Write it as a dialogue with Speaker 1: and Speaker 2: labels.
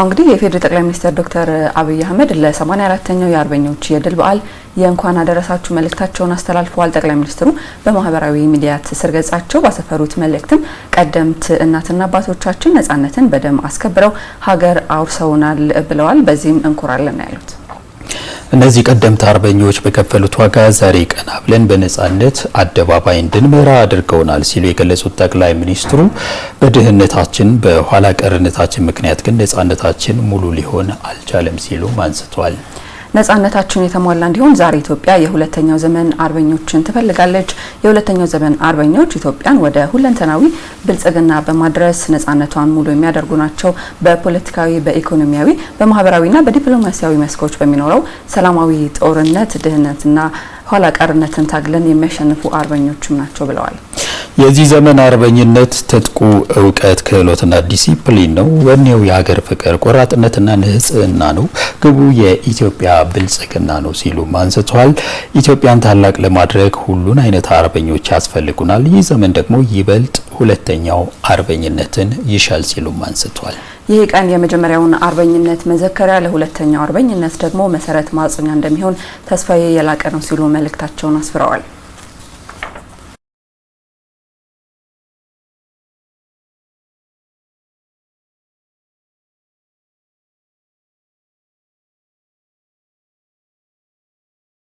Speaker 1: እንግዲህ የፌዴራል ጠቅላይ ሚኒስትር ዶክተር አብይ አህመድ ለ 84 የአርበኞች የድል በዓል የእንኳን አደረሳችሁ መልእክታቸውን አስተላልፈዋል። ጠቅላይ ሚኒስትሩ በማህበራዊ ሚዲያ ትስስር ገጻቸው ባሰፈሩት መልእክትም ቀደምት እናትና አባቶቻችን ነጻነትን በደም አስከብረው ሀገር አውርሰውናል ብለዋል። በዚህም እንኩራለን ያሉት
Speaker 2: እነዚህ ቀደምት አርበኞች በከፈሉት ዋጋ ዛሬ ቀና ብለን በነጻነት አደባባይ እንድንመራ አድርገውናል ሲሉ የገለጹት ጠቅላይ ሚኒስትሩ በድህነታችን በኋላ ቀርነታችን ምክንያት ግን ነጻነታችን ሙሉ ሊሆን አልቻለም ሲሉም አንስተዋል።
Speaker 1: ነጻነታችን የተሟላ እንዲሆን ዛሬ ኢትዮጵያ የሁለተኛው ዘመን አርበኞችን ትፈልጋለች። የሁለተኛው ዘመን አርበኞች ኢትዮጵያን ወደ ሁለንተናዊ ብልጽግና በማድረስ ነጻነቷን ሙሉ የሚያደርጉ ናቸው። በፖለቲካዊ፣ በኢኮኖሚያዊ፣ በማህበራዊና በዲፕሎማሲያዊ መስኮች በሚኖረው ሰላማዊ ጦርነት ድህነትና ኋላ ቀርነትን ታግለን የሚያሸንፉ አርበኞችም ናቸው ብለዋል።
Speaker 2: የዚህ ዘመን አርበኝነት ትጥቁ እውቀት፣ ክህሎትና ዲሲፕሊን ነው። ወኔው የሀገር ፍቅር፣ ቆራጥነትና ንጽህና ነው። ግቡ የኢትዮጵያ ብልጽግና ነው ሲሉም አንስቷል። ኢትዮጵያን ታላቅ ለማድረግ ሁሉን አይነት አርበኞች ያስፈልጉናል። ይህ ዘመን ደግሞ ይበልጥ ሁለተኛው አርበኝነትን ይሻል ሲሉም አንስቷል።
Speaker 1: ይህ ቀን የመጀመሪያውን አርበኝነት መዘከሪያ፣ ለሁለተኛው አርበኝነት ደግሞ መሰረት ማጽኛ እንደሚሆን ተስፋዬ የላቀ ነው ሲሉ መልእክታቸውን አስፍረዋል።